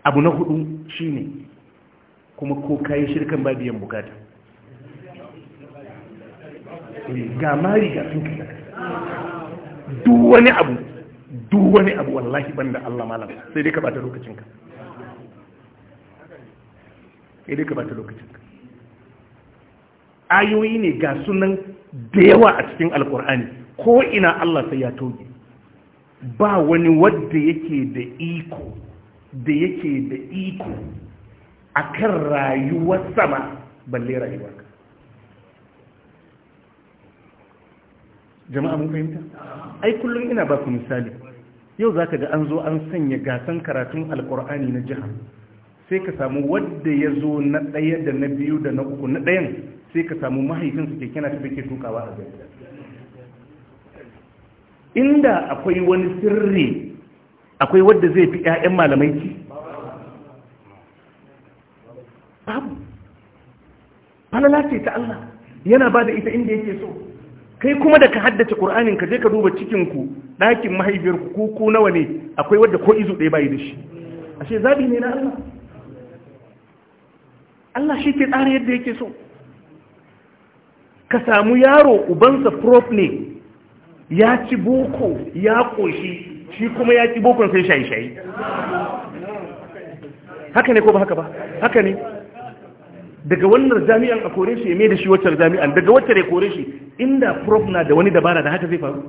abu na hudu shine kuma ko kayi shirkan ba biyan bukata eh, ga mari ga sun kasa duk wani abu duk wani abu wallahi banda Allah malam sai dai ka bata lokacinka sai dai ka bata lokacinka ayoyi ne ga sunan da yawa a cikin alkur'ani ko ina Allah sai ya toge ba wani wadda yake da iko da yake da iko akan rayuwar sama balle rayuwar jama'a mun fahimta ai kullum ina ba ku misali yau zaka ga an zo an sanya gasan karatun alkur'ani na jiha sai ka samu wadda ya zo na ɗaya da na biyu da na uku na ɗayan sai ka samu su keke na tafi ke tukawa a gari inda akwai wani sirri akwai wadda zai fi ƴaƴan malamai ci babu falala ce ta Allah yana ba da ita inda yake so kai kuma da ka haddace ƙur'anin ka je ka duba cikin cikinku ɗakin mahaifiyarku ko ko nawa ne akwai wadda ko izu ɗaya bai da shi ashe zabi ne na Allah Allah shi ke tsara yadda yake so ka samu yaro ubansa prof ne ya ci boko ya ƙoshi shi kuma ya ci bokon sai shayi-shayi haka ne ko ba haka ba haka ne daga wannan jami'an a kore shi ya mai da shi wacce jami'an daga wacce ya kore shi inda prof na da wani dabara da haka zai faru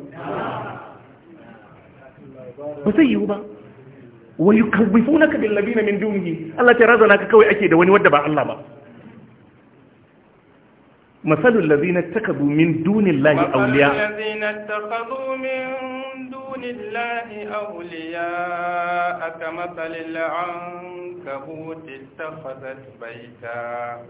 ba zai yiwu ba ka yukawwifunaka bil ladina min dunihi Allah ta razana ka kawai ake da wani wanda ba Allah ba مثل الذين اتخذوا من دون الله أولياء مثل الذين اتخذوا من دون الله أولياء كمثل العنكبوت اتخذت بيتا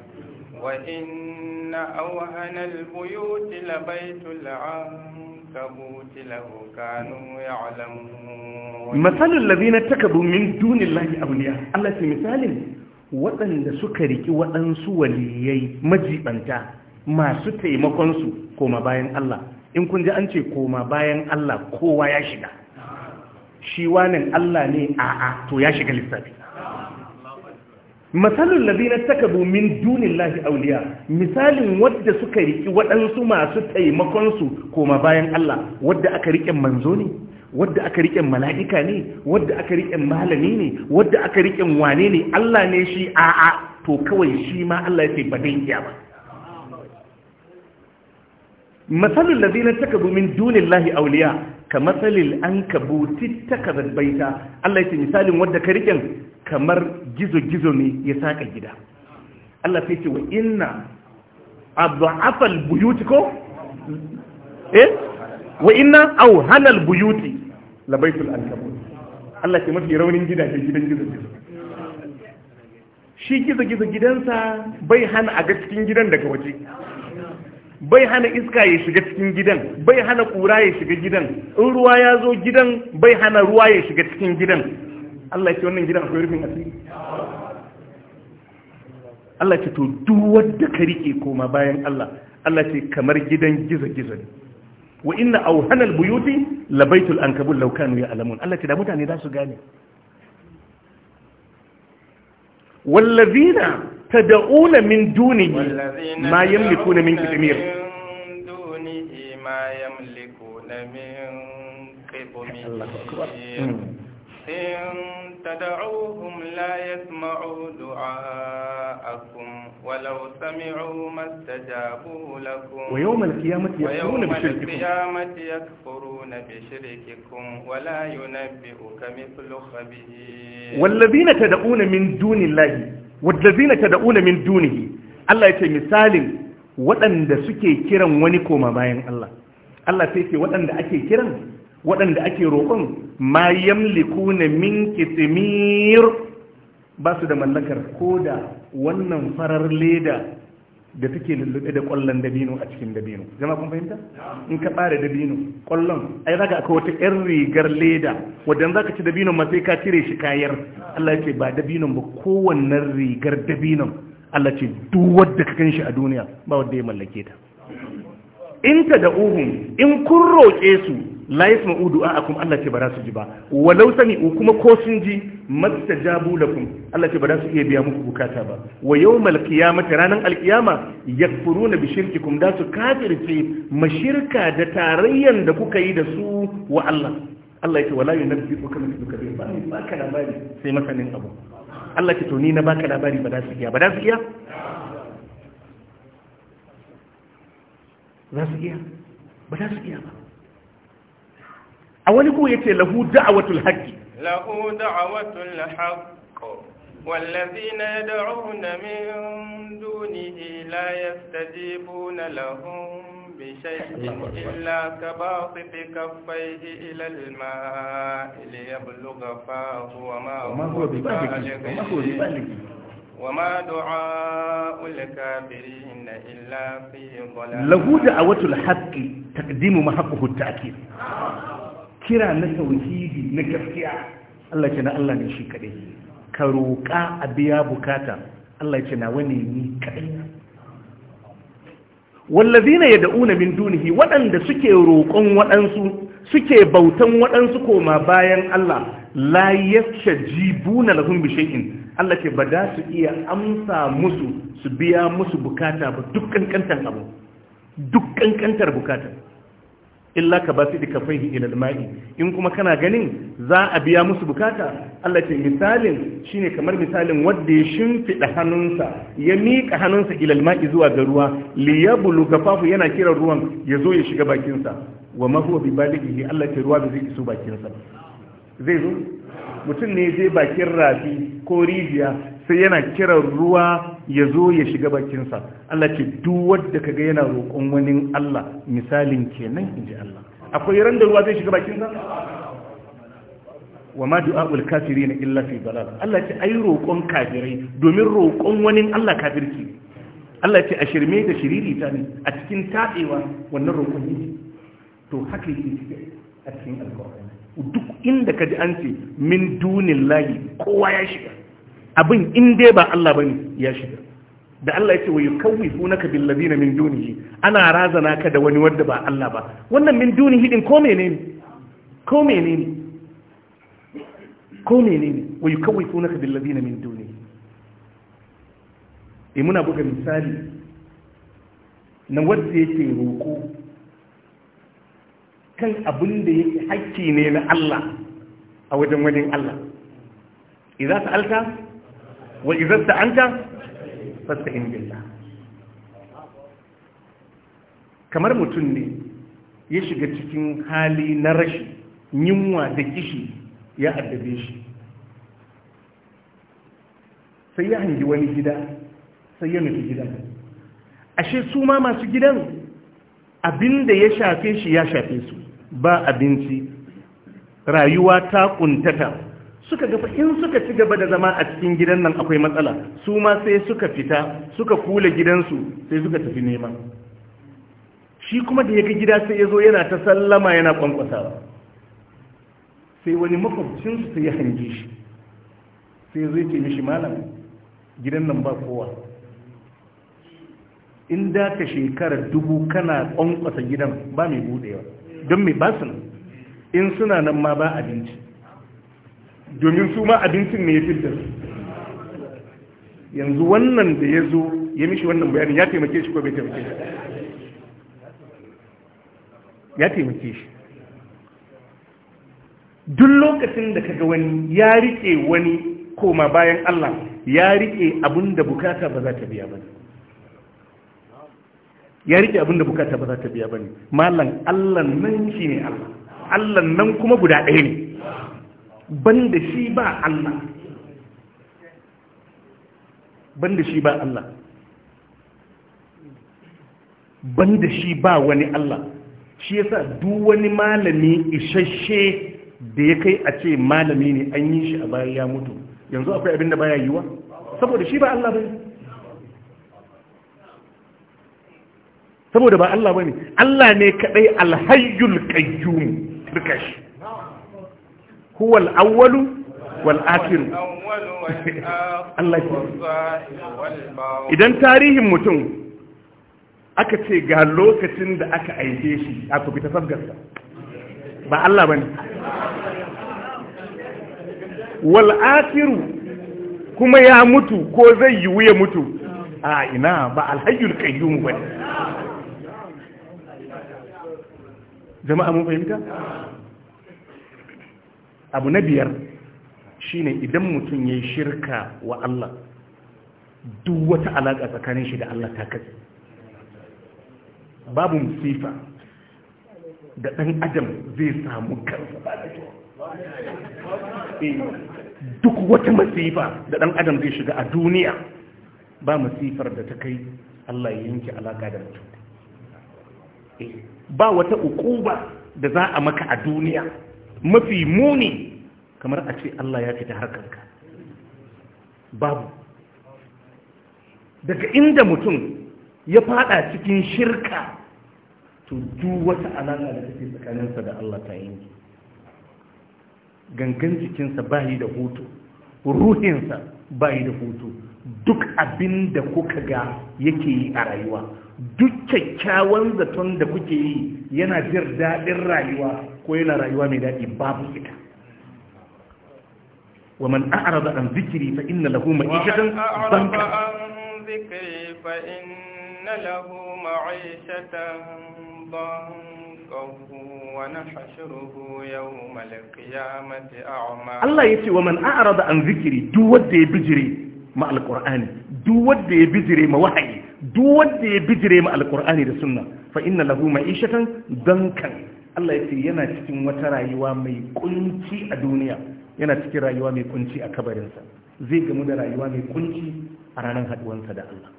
وإن أوهن البيوت لبيت العنكبوت لو كانوا يعلمون مثل الذين اتخذوا من دون الله أولياء الله في مثال waɗanda suka riki waɗansu waliyai majibanta masu taimakonsu koma bayan Allah in kun ji an ce koma bayan Allah kowa ya shiga shi wanin Allah ne a'a to ya shiga lissafi matsalin labina taka min dunin lahi misalin wadda suka riki waɗansu masu taimakonsu koma bayan Allah wadda aka riƙe manzo ne wadda aka riƙe mala'ika ne wadda aka riƙe malami ne wadda aka riƙe wane ne Allah ne shi a'a to kawai shi ma Allah ya ce ba dai iya ba da masalul ladina takabu min dunillahi awliya kamasalil ankabuti takabat baita Allah ce misalin wanda ka riken kamar gizo-gizo ne ya saka gida Allah sai ce wa ina adhafal buyuti ko eh wa ina au hanal buyuti labaitul ankabut Allah ce mafi raunin gidaje gidan gizo-gizo shi gizo-gizo gidansa bai hana a ga cikin gidan daga waje bai hana iska ya shiga cikin gidan bai hana kura ya shiga gidan in ruwa ya zo gidan bai hana ruwa ya shiga cikin gidan Allah ce wannan gidan akwai rufin asiri Allah ce to duk wanda ka rike koma bayan Allah Allah ce kamar gidan giza-giza ne wa inna auhanal buyuti labaitul ankabul law kanu ya'lamun Allah ce da mutane za su gane wallazina تدعون من دونه ما يملكون من قطمير الله أكبر إن تدعوهم لا يسمعوا دعاءكم ولو سمعوا ما استجابوا لكم ويوم القيامة يكفرون بشرككم ويوم القيامة يكفرون بشرككم ولا ينبئك مثل خبير والذين تدعون من دون الله ta dauna min dunihi Allah ya ce misalin waɗanda suke kiran wani koma bayan Allah Allah sai ce waɗanda ake kiran waɗanda ake roƙon ma yamlikuna min kitmir ba su da mallakar da wannan farar leda da take lullube da kwallon dabino a cikin dabino jama'a kun fahimta in ka bare dabino ƙwallon ai zaka akwai wata yar rigar leda wadan zaka ci dabinon ma sai ka cire shi kayar Allah ce ba dabino ba kowanne rigar dabino Allah ce duk wanda ka ganshi a duniya ba wanda ya mallake ta in ta da uhum in kun roƙe su la yasma'u du'a'akum Allah ce ba za su ji ba walau sami'u kuma ko sun ji mastajabu lakum Allah ce ba za su iya biya muku bukata ba wa yau yawmal ranar alkiyama ya yakfuruna bi shirkikum da su kafirce mashirka da tarayyan da kuka yi da su wa Allah Allah ya ce wala yunabbi'uka mithlu kabir ba ba ka labari sai masanin abu Allah ce to ni na baka labari ba za su iya ba za su iya za su iya ba za su iya ba a wani ko yace lahu da'watul haqqi له دعوة الحق والذين يدعون من دونه لا يستجيبون لهم بشيء إلا كباطط كفيه إلى الماء ليبلغ فاه وما هو ببالغ وما دعاء الكافرين إلا في ضلال له دعوة الحق تقديم ما حقه التأكيد kira na tauhidi na gaskiya Allah ce na Allah ne shi kaɗai ka roƙa a biya bukata Allah ce na wani ni kaɗai wallazina yad'una min dunihi waɗanda suke roƙon waɗansu suke bautan waɗansu koma bayan Allah la yastajibuna lahum bi shay'in Allah ke ba da su iya amsa musu su biya musu bukata ba duk kankantar abu duk kankantar bukata illa ka ba su da kafaihi ilal ma'i in kuma kana ganin za a biya musu bukata Allah ce misalin shine kamar misalin wanda ya shimfida hannunsa ya mika hannunsa ilal ma'i zuwa ga ruwa li yablu kafafu yana kiran ruwan ya zo ya shiga bakinsa wa ma huwa bi balighi Allah ce ruwa zai iso bakinsa zai zo mutum ne zai bakin rafi ko rijiya sai yana kiran ruwa ya zo ya shiga bakinsa Allah ce duk wanda kaga yana roƙon wani Allah misalin kenan inji Allah akwai ran da ruwa zai shiga bakinsa wa ma du'a'ul kafirin illa fi dalal Allah ce ai roƙon kafirai domin roƙon wani Allah kafirki. Allah ce a shirme da shiriri ta ne a cikin tabewa wannan roƙon ne to haka yake a cikin alƙur'ani duk inda kaji an ce min dunillahi kowa ya shiga abin in dai ba Allah bane ya shiga da Allah yake wayu kawwifunaka bil ladina min dunihi ana razana ka da wani wanda ba Allah ba wannan min dunihi din ko menene ko menene ko menene wayu kawwifunaka bil ladina min dunihi eh muna buga misali na wanda yake roko kan abin da yake hakki ne na Allah a wajen wajen Allah idza alka. wa izasta anta fasta'in billah kamar mutum ne ya shiga cikin hali na rashi yunwa da kishi ya addabe shi sai ya hangi wani gida sai ya nufi gidan ashe su ma masu gidan abinda ya shafe shi ya shafe su ba abinci rayuwa ta kuntata suka gafa in suka ci gaba da zama a cikin gidan nan akwai matsala su ma sai suka fita suka kula gidansu sai suka tafi nema shi kuma da ya ga gida sai ya zo yana ta sallama yana kwankwasawa sai wani makwabcinsu sai ya hange shi sai zai ce mishi malam gidan nan ba kowa in da ka shekarar dubu kana kwankwasa gidan ba mai budewa don mai basu in suna nan ma ba abinci domin su ma abincin ne ya fi yanzu wannan da ya zo ya mishi wannan bayanin ya taimake shi ko bai taimake shi ya taimake shi duk lokacin da kaga wani ya rike wani koma bayan Allah ya rike abin da bukata ba za ta biya ba ya rike abin da bukata ba za ta biya ba ne mallan Allah nan shi ne Allah Allah nan kuma guda ɗaya ne banda shi ba Allah banda shi ba Allah banda shi ba wani Allah shi yasa duk wani malami isasshe da ya kai a ce malami ne an yi shi a bayan ya mutu yanzu akwai abin da baya yiwa saboda shi ba Allah bane saboda ba Allah bane Allah ne kadai alhayyul qayyum turkashi huwa awwalu idan tarihin mutum aka ce ga lokacin da aka aike shi a ku fita sabgarsa ba Allah bane wal kuma ya mutu ko zai yiwu ya mutu a ina ba alhayyul qayyum bane jama'a mun fahimta abu na biyar shi ne idan mutum ya yi shirka wa Allah duk wata alaƙa tsakanin shi da Allah ta kasi. babu musifa da ɗan adam zai samu kansa ba eh, da duk wata masifa da ɗan adam zai shiga a duniya ba masifar da ta kai Allah ya yanki alaƙa da mutum eh, ba wata uku ba da za a maka a duniya mafi muni kamar a ce Allah ya fita harkanka babu daga inda mutum ya fada cikin shirka to duk wata alaƙa da take tsakaninsa da Allah ta yanki gangan jikinsa yi da hutu ruhinsa yi da hutu duk abin da kuka ga yake yi a rayuwa duk kyakkyawan zaton da kuke yi yana jin daɗin rayuwa ko yana rayuwa mai daɗi babu ita wa man a'arada an zikiri fa inna lahu ma'ishatan banka wa an zikiri fa inna lahu ma'ishatan an zikiri duk wanda ya bijire ma alqur'ani duk wanda ya bijire ma wahayi duk wanda ya bijire ma alqur'ani da sunna fa inna lahu ma'ishatan bankan Allah ya ce yana cikin wata rayuwa mai kunci a duniya yana cikin rayuwa mai kunci a kabarinsa zai gamu da rayuwa mai kunci a ranar haduwansa da Allah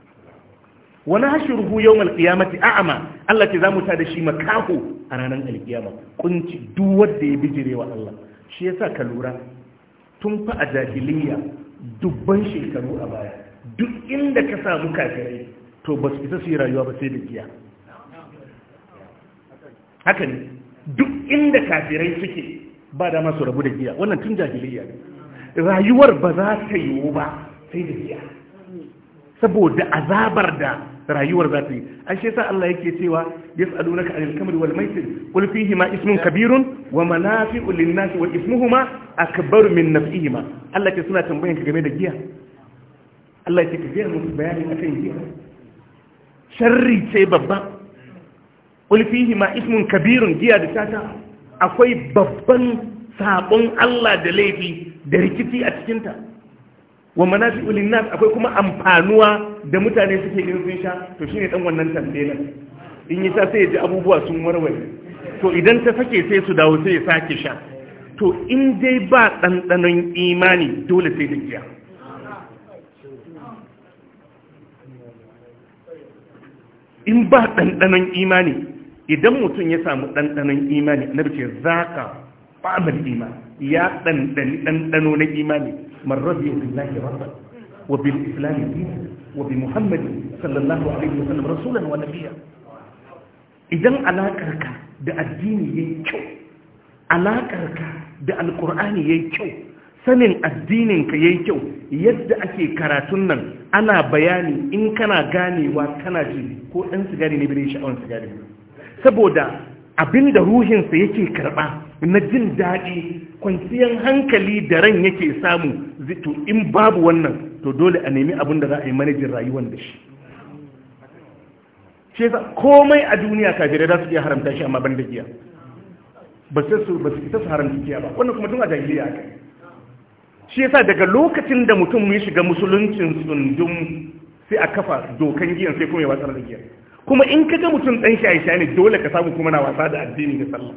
wani ruhu yau malkiyamati a'ama Allah ce za mu ta da shi makaho a ranar alkiyama kunci duk da ya bijire wa Allah shi yasa ka lura tun fa a jahiliya dubban shekaru a baya duk inda ka samu kafirai to ba su isa su yi rayuwa ba sai da giya haka ne duk inda kafirai suke ba da masu rabu da giya wannan tun jahiliya ne rayuwar ba za ta yiwu ba sai da giya saboda azabar da rayuwar za ta yi an shi yasa Allah yake cewa ya yas'alunaka anil kamri wal maisir qul fihi ma ismun kabirun wa manafi'u lin-nas wa ismuhuma akbaru min naf'ihima Allah ke suna tambayan ka game da giya Allah ya ce ka ga musu bayani akan giya sharri ce babba ulfihi ma ismun kabirun giya da tata akwai babban sabon Allah da laifi da rikici a cikinta wa manafi'u nas akwai kuma amfanuwa da mutane suke yin sun sha to shine dan wannan tambayan in yi sa sai ji abubuwa sun warware to idan ta sake sai su dawo sai ya sake sha to in dai ba ɗanɗanon imani dole sai da giya in ba ɗanɗanon imani idan mutum ya samu ɗanɗanon imani na bice za ka fa'amar imani ya ɗanɗani ɗanɗano na imani marrabi ya billahi rabban wa bil islami dinin wa bi muhammadin sallallahu alaihi wa sallam rasulan wa nabiya idan alaƙarka da addini yayi kyau alaƙarka da alqur'ani yayi kyau sanin addininka yayi kyau yadda ake karatun nan ana bayani in kana ganewa kana ji ko ɗan sigari ne bai sha'awar sigari ne saboda abin da ruhinsa yake karɓa na jin daɗi kwanciyar hankali da ran yake samu to in babu wannan to dole a nemi abin da za a yi manajin rayuwar da shi shi komai a duniya kafirai za su iya haramta shi amma ban da giya ba su isa su haramta giya ba wannan kuma tun a jahiliya kai shi yasa daga lokacin da mutum ya shiga musuluncin sundun sai a kafa dokan giyan sai kuma ya watsar da giyan kuma in kaga mutum dan shi aisha ne dole ka samu kuma na wasa da addini da sallah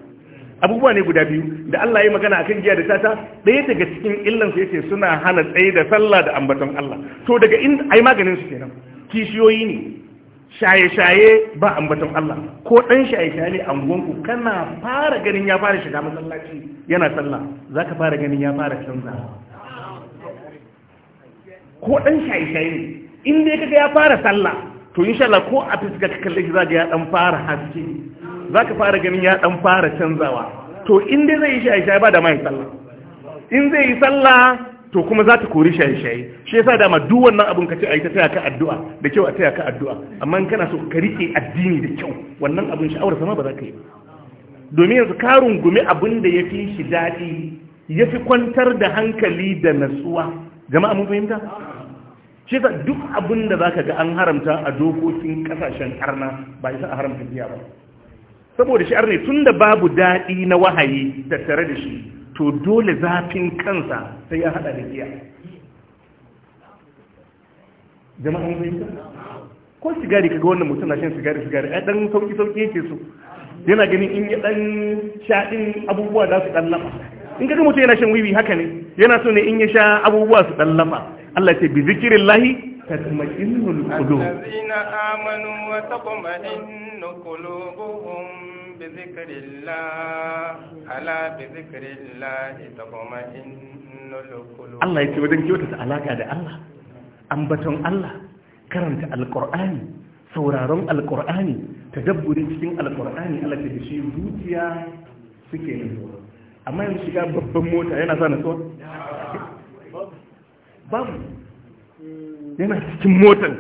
abubuwa ne guda biyu da Allah ya magana akan giya da tata ɗaya daga cikin illan su yace suna hana tsaye da sallah da ambaton Allah to daga in ai maganin su kenan kishiyoyi ne shaye-shaye ba ambaton Allah ko dan shaye-shaye ne ku kana fara ganin ya fara shiga masallaci yana sallah zaka fara ganin ya fara canza ko dan shaye-shaye ne in dai kaga ya fara sallah to insha Allah ko a fiska ka kalli shi zaka ya dan fara haske za ka fara ganin ya dan fara canzawa to in dai zai yi shaye-shaye ba da mai sallah in zai yi sallah to kuma za ta kori shaye-shaye shi yasa dama duk wannan abun ka ce ai ta taya ka addu'a da kyau a taya ka addu'a amma kana so ka rike addini da kyau wannan abun sha'awar sama ba za ka yi domin yanzu ka rungumi abin da ya fi shi daɗi ya fi kwantar da hankali da natsuwa jama'a mun fahimta shi sa duk abin da za ka ga an haramta a dokokin kasashen arna ba isa a haramta biya ba saboda shi arne tun da babu daɗi na wahayi da tare da shi to dole zafin kansa sai ya haɗa da biya jama'an zai ko sigari kaga wannan mutum na shan sigari sigari a ɗan sauƙi-sauƙi yake so yana ganin in ya ɗan shaɗin abubuwa za su ɗan lafa in kaga mutum yana shan wiwi haka ne yana so ne in ya sha abubuwa su ɗan lafa Allah ce bi zikirin lahi tatma'innul qulub allazina amanu wa tatma'innu qulubuhum bi zikrillah ala bi Allah ya ce wajen ta alaka da Allah ambaton Allah karanta alƙur'ani, sauraron ta tadabburi cikin Alƙur'ani. Allah ta shi zuciya suke nutsuwa amma yanzu shiga babban mota yana sa tsohon babu yana cikin motan,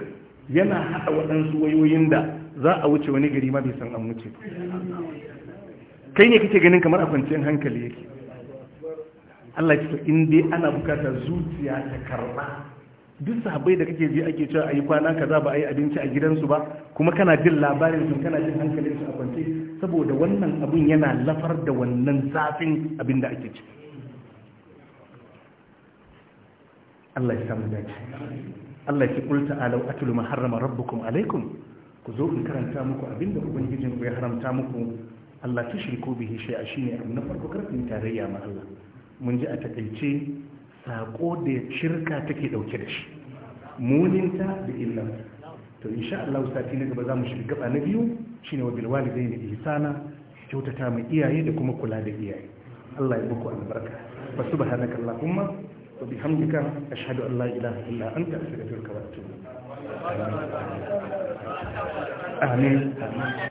yana haɗa waɗansu wayoyin da za a wuce wani gari ma bai san an wuce kai ne kake ganin kamar a kwanciyar hankali yake Allah ce in dai ana bukata zuciya ta karba duk sahabai da kake ji ake cewa ayi kwana kaza ba ayi abinci a gidansu ba kuma kana jin labarin sun kana jin hankalin su a kwance saboda wannan abun yana lafar da wannan zafin abin da ake ciki Allah ya samu dace Allah ki kulta alau atulu ma harrama rabbukum alaikum ku zo in karanta muku abinda ubangijin ku ya haramta muku Allah shirku bihi shay'a shine abu na farko karfin tarayya ma Allah mun ji a takaice sako da shirka take dauke da shi muninta da illa to insha Allah sati na gaba zamu shiga gaba na biyu shine wa bil walidaini ihsana kyautata mai iyaye da kuma kula da iyaye Allah ya muku albarka fa subhanakallahumma وبحمدك أشهد أن لا إله إلا أنت أستغفرك وأتوب آمين